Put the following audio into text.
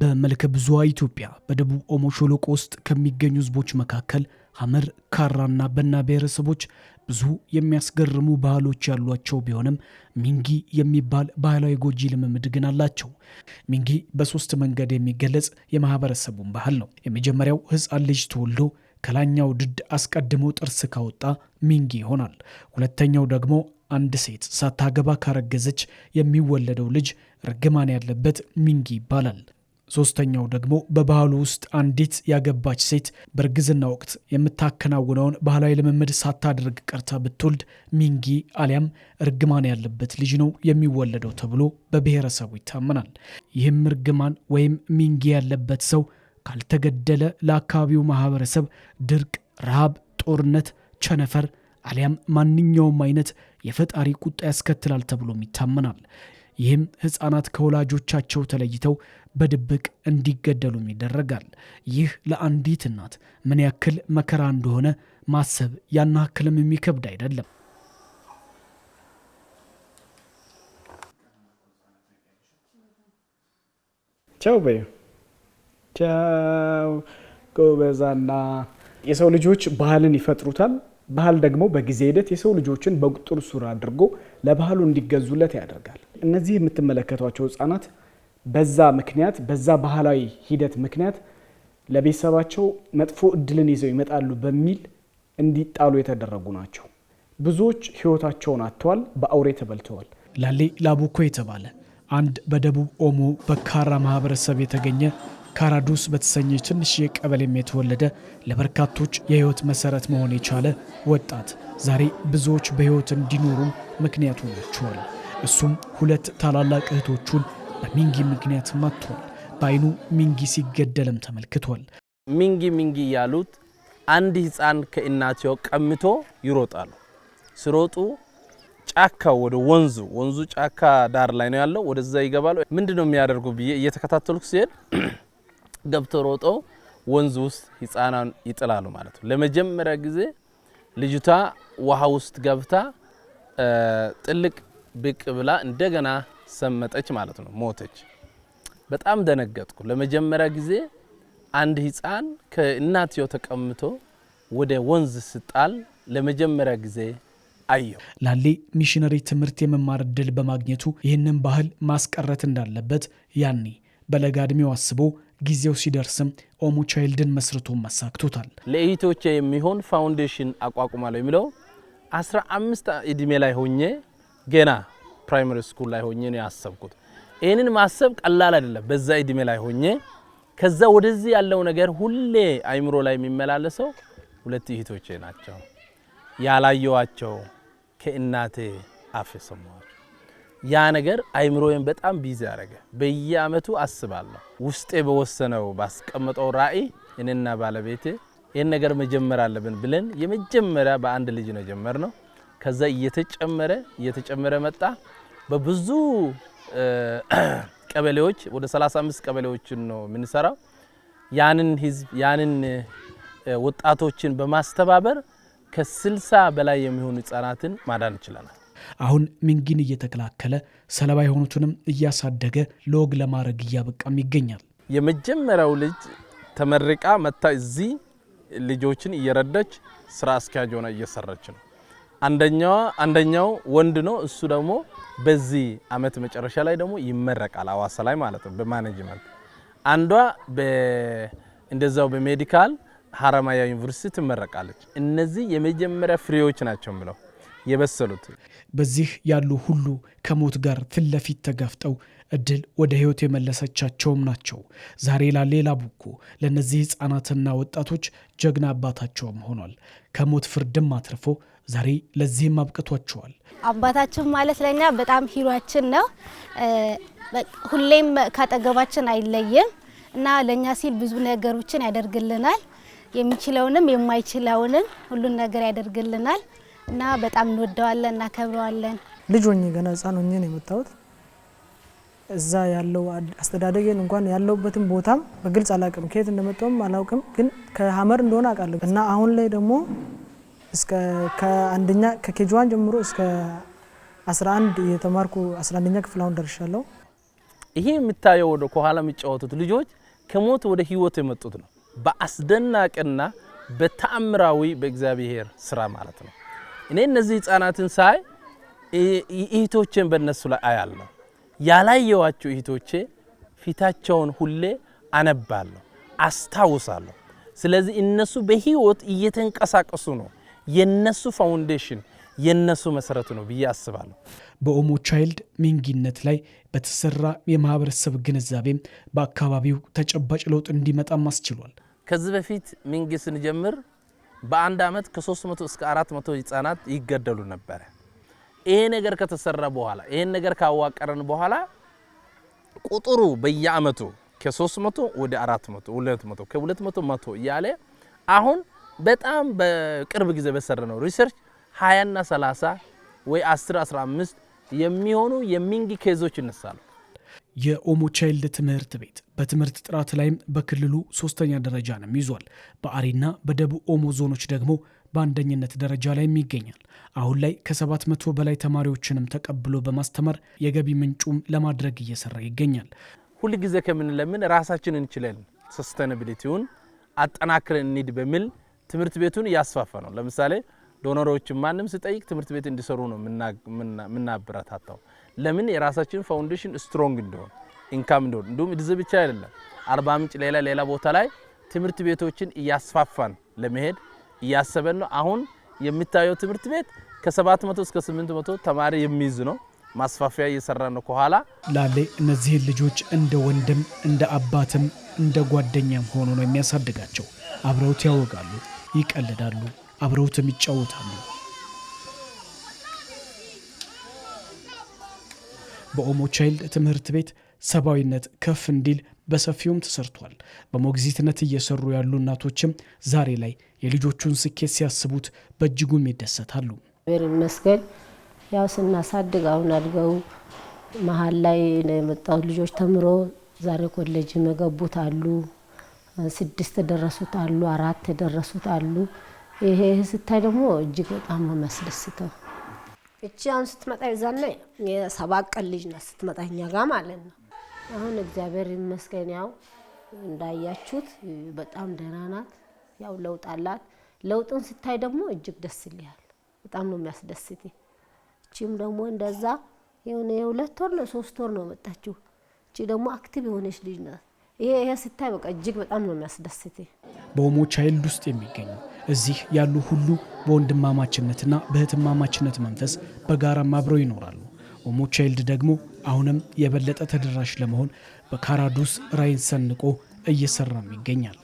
በመልከ ብዙዋ ኢትዮጵያ በደቡብ ኦሞ ሸለቆ ውስጥ ከሚገኙ ህዝቦች መካከል ሐመር፣ ካራና በና ብሔረሰቦች ብዙ የሚያስገርሙ ባህሎች ያሏቸው ቢሆንም ሚንጊ የሚባል ባህላዊ ጎጂ ልምምድ ግን አላቸው። ሚንጊ በሶስት መንገድ የሚገለጽ የማህበረሰቡን ባህል ነው። የመጀመሪያው ህፃን ልጅ ተወልዶ ከላይኛው ድድ አስቀድሞ ጥርስ ካወጣ ሚንጊ ይሆናል። ሁለተኛው ደግሞ አንድ ሴት ሳታገባ ካረገዘች የሚወለደው ልጅ ርግማን ያለበት ሚንጊ ይባላል። ሶስተኛው ደግሞ በባህሉ ውስጥ አንዲት ያገባች ሴት በእርግዝና ወቅት የምታከናውነውን ባህላዊ ልምምድ ሳታደርግ ቀርታ ብትወልድ ሚንጊ አሊያም እርግማን ያለበት ልጅ ነው የሚወለደው ተብሎ በብሔረሰቡ ይታመናል። ይህም እርግማን ወይም ሚንጊ ያለበት ሰው ካልተገደለ ለአካባቢው ማህበረሰብ ድርቅ፣ ረሃብ፣ ጦርነት፣ ቸነፈር አሊያም ማንኛውም አይነት የፈጣሪ ቁጣ ያስከትላል ተብሎም ይታመናል። ይህም ሕፃናት ከወላጆቻቸው ተለይተው በድብቅ እንዲገደሉም ይደረጋል። ይህ ለአንዲት እናት ምን ያክል መከራ እንደሆነ ማሰብ ያናክልም ያክልም የሚከብድ አይደለም። ቻው በዩ ቻው ጎበዛና የሰው ልጆች ባህልን ይፈጥሩታል ባህል ደግሞ በጊዜ ሂደት የሰው ልጆችን በቁጥር ሱር አድርጎ ለባህሉ እንዲገዙለት ያደርጋል። እነዚህ የምትመለከቷቸው ህጻናት በዛ ምክንያት በዛ ባህላዊ ሂደት ምክንያት ለቤተሰባቸው መጥፎ እድልን ይዘው ይመጣሉ በሚል እንዲጣሉ የተደረጉ ናቸው። ብዙዎች ህይወታቸውን አጥተዋል፣ በአውሬ ተበልተዋል። ላሌ ላቡኮ የተባለ አንድ በደቡብ ኦሞ በካራ ማህበረሰብ የተገኘ ካራዱስ በተሰኘ ትንሽ ቀበሌም የተወለደ ለበርካቶች የህይወት መሰረት መሆን የቻለ ወጣት ዛሬ ብዙዎች በህይወት እንዲኖሩ ምክንያት ሆኗቸዋል። እሱም ሁለት ታላላቅ እህቶቹን በሚንጊ ምክንያት ማጥቷል። በአይኑ ሚንጊ ሲገደልም ተመልክቷል። ሚንጊ ሚንጊ ያሉት አንድ ህፃን ከእናትዮ ቀምቶ ይሮጣሉ። ሲሮጡ ጫካ ወደ ወንዙ ወንዙ ጫካ ዳር ላይ ነው ያለው። ወደዛ ይገባሉ። ምንድነው የሚያደርጉ ብዬ እየተከታተልኩ ሲሄድ ገብተው ሮጠው ወንዝ ውስጥ ህፃናን ይጥላሉ ማለት ነው። ለመጀመሪያ ጊዜ ልጅቷ ውሃ ውስጥ ገብታ ጥልቅ ብቅ ብላ እንደገና ሰመጠች ማለት ነው፣ ሞተች። በጣም ደነገጥኩ። ለመጀመሪያ ጊዜ አንድ ህፃን ከእናትየው ተቀምቶ ወደ ወንዝ ስጣል ለመጀመሪያ ጊዜ አየው። ላሌ ሚሽነሪ ትምህርት የመማር እድል በማግኘቱ ይህንን ባህል ማስቀረት እንዳለበት ያኔ በለጋ ዕድሜው አስቦ ጊዜው ሲደርስም ኦሞ ቻይልድን መስርቶ መሳክቶታል። ለእህቶቼ የሚሆን ፋውንዴሽን አቋቁማለሁ የሚለው 15 እድሜ ላይ ሆኜ ገና ፕራይመሪ ስኩል ላይ ሆኜ ነው ያሰብኩት። ይህንን ማሰብ ቀላል አይደለም። በዛ እድሜ ላይ ሆኜ ከዛ ወደዚህ ያለው ነገር ሁሌ አይምሮ ላይ የሚመላለሰው ሁለት እህቶቼ ናቸው። ያላየዋቸው ከእናቴ አፍ የሰማኋቸው ያ ነገር አይምሮዬን በጣም ቢዚ ያደረገ። በየአመቱ አስባለሁ። ውስጤ በወሰነው ባስቀመጠው ራዕይ እኔና ባለቤቴ ይህን ነገር መጀመር አለብን ብለን የመጀመሪያ በአንድ ልጅ ነው ጀመርነው። ከዛ እየተጨመረ እየተጨመረ መጣ። በብዙ ቀበሌዎች ወደ 35 ቀበሌዎችን ነው የምንሰራው። ያንን ህዝብ ያንን ወጣቶችን በማስተባበር ከ60 በላይ የሚሆኑ ህጻናትን ማዳን ችለናል። አሁን ሚንጊን እየተከላከለ ሰለባ የሆኑትንም እያሳደገ ለወግ ለማድረግ እያበቃም ይገኛል። የመጀመሪያው ልጅ ተመርቃ መታ እዚህ ልጆችን እየረዳች ስራ አስኪያጅ ሆነ እየሰራች ነው። አንደኛው ወንድ ነው። እሱ ደግሞ በዚህ አመት መጨረሻ ላይ ደግሞ ይመረቃል፣ አዋሳ ላይ ማለት ነው በማኔጅመንት አንዷ እንደዛው በሜዲካል ሀረማያ ዩኒቨርሲቲ ትመረቃለች። እነዚህ የመጀመሪያ ፍሬዎች ናቸው ብለው የበሰሉት። በዚህ ያሉ ሁሉ ከሞት ጋር ፊት ለፊት ተጋፍጠው እድል ወደ ህይወት የመለሰቻቸውም ናቸው። ዛሬ ላሌላ ቡኮ ለእነዚህ ህፃናትና ወጣቶች ጀግና አባታቸውም ሆኗል። ከሞት ፍርድም አትርፎ ዛሬ ለዚህም አብቅቷቸዋል። አባታችን ማለት ለእኛ በጣም ሂሯችን ነው። ሁሌም ካጠገባችን አይለይም እና ለእኛ ሲል ብዙ ነገሮችን ያደርግልናል። የሚችለውንም የማይችለውንም ሁሉን ነገር ያደርግልናል። እና በጣም እንወደዋለን፣ እናከብረዋለን። ልጅ ሆኜ ገና ህጻን ሆኜ ነው የመጣሁት። እዛ ያለው አስተዳደጌን እንኳን ያለውበትን ቦታም በግልጽ አላውቅም፣ ከየት እንደመጣሁም አላውቅም፣ ግን ከሀመር እንደሆነ አውቃለሁ እና አሁን ላይ ደግሞ ከአንደኛ ከኬጅዋን ጀምሮ እስከ 11 የተማርኩ 11ኛ ክፍል አሁን ደርሻለሁ። ይሄ የምታየው ወደ ከኋላ የሚጫወቱት ልጆች ከሞት ወደ ህይወት የመጡት ነው። በአስደናቂና በተአምራዊ በእግዚአብሔር ስራ ማለት ነው። እኔ እነዚህ ህጻናትን ሳይ እህቶቼን በእነሱ ላይ አያለሁ። ያላየዋቸው እህቶቼ ፊታቸውን ሁሌ አነባለሁ፣ አስታውሳለሁ። ስለዚህ እነሱ በህይወት እየተንቀሳቀሱ ነው። የነሱ ፋውንዴሽን የነሱ መሰረቱ ነው ብዬ አስባለሁ። በኦሞ ቻይልድ ሚንጊነት ላይ በተሰራ የማህበረሰብ ግንዛቤም በአካባቢው ተጨባጭ ለውጥ እንዲመጣም አስችሏል። ከዚህ በፊት ሚንጊ ስንጀምር በአንድ አመት ከ300 እስከ 400 ህጻናት ይገደሉ ነበረ። ይሄ ነገር ከተሰራ በኋላ ይሄን ነገር ካዋቀረን በኋላ ቁጥሩ በየአመቱ ከ300 ወደ 400 200 ከ200 መቶ እያለ አሁን በጣም በቅርብ ጊዜ በሰራ ነው ሪሰርች 20 እና 30 ወይ 10 15 የሚሆኑ የሚንግ ኬዞች ይነሳሉ። የኦሞ ቻይልድ ትምህርት ቤት በትምህርት ጥራት ላይም በክልሉ ሶስተኛ ደረጃንም ይዟል። በአሪና በደቡብ ኦሞ ዞኖች ደግሞ በአንደኝነት ደረጃ ላይም ይገኛል። አሁን ላይ ከሰባት መቶ በላይ ተማሪዎችንም ተቀብሎ በማስተማር የገቢ ምንጩም ለማድረግ እየሰራ ይገኛል። ሁልጊዜ ጊዜ ከምንለምን ራሳችን እንችለን ሰስተነብሊቲውን አጠናክረን እንሂድ በሚል ትምህርት ቤቱን እያስፋፋ ነው። ለምሳሌ ዶኖሮችን ማንም ስጠይቅ ትምህርት ቤት እንዲሰሩ ነው የምናበረታታው። ለምን የራሳችን ፋውንዴሽን ስትሮንግ እንደሆን ኢንካም እንደሆን እንዲሁም እድዝ ብቻ አይደለም አርባ ምንጭ ሌላ ሌላ ቦታ ላይ ትምህርት ቤቶችን እያስፋፋን ለመሄድ እያሰበን ነው። አሁን የሚታየው ትምህርት ቤት ከ700 እስከ 800 ተማሪ የሚይዝ ነው። ማስፋፊያ እየሰራ ነው። ከኋላ ላሌ እነዚህን ልጆች እንደ ወንድም እንደ አባትም እንደ ጓደኛም ሆኖ ነው የሚያሳድጋቸው። አብረውት ያወጋሉ፣ ይቀልዳሉ አብረውትም ይጫወታሉ። በኦሞ ቻይልድ ትምህርት ቤት ሰብአዊነት ከፍ እንዲል በሰፊውም ተሰርቷል። በሞግዚትነት እየሰሩ ያሉ እናቶችም ዛሬ ላይ የልጆቹን ስኬት ሲያስቡት በእጅጉም ይደሰታሉ። እግዚአብሔር ይመስገን። ያው ስናሳድግ አሁን አድገው መሀል ላይ የመጣው ልጆች ተምሮ ዛሬ ኮሌጅ የገቡት አሉ፣ ስድስት ደረሱት አሉ፣ አራት ደረሱት አሉ። ይሄ ስታይ ደግሞ እጅግ በጣም ነው የሚያስደስተው። እቺ አሁን ስትመጣ የዛኔ የሰባት ቀን ልጅ ናት ስትመጣ እኛ ጋር ማለት ነው። አሁን እግዚአብሔር ይመስገን ያው እንዳያችሁት በጣም ደህና ናት። ያው ለውጥ አላት። ለውጥን ስታይ ደግሞ እጅግ ደስ ይላል። በጣም ነው የሚያስደስት። እቺም ደግሞ እንደዛ የሆነ የሁለት ወር ነው ሶስት ወር ነው መጣችሁ እቺ ደግሞ አክቲቭ የሆነች ልጅ ናት። ይሄ ይሄ ስታይ በቃ እጅግ በጣም ነው የሚያስደስት። በኦሞ ቻይልድ ውስጥ የሚገኙ እዚህ ያሉ ሁሉ በወንድማማችነትና በህትማማችነት መንፈስ በጋራም አብረው ይኖራሉ። ኦሞ ቻይልድ ደግሞ አሁንም የበለጠ ተደራሽ ለመሆን በካራዱስ ራይን ሰንቆ እየሰራም ይገኛል።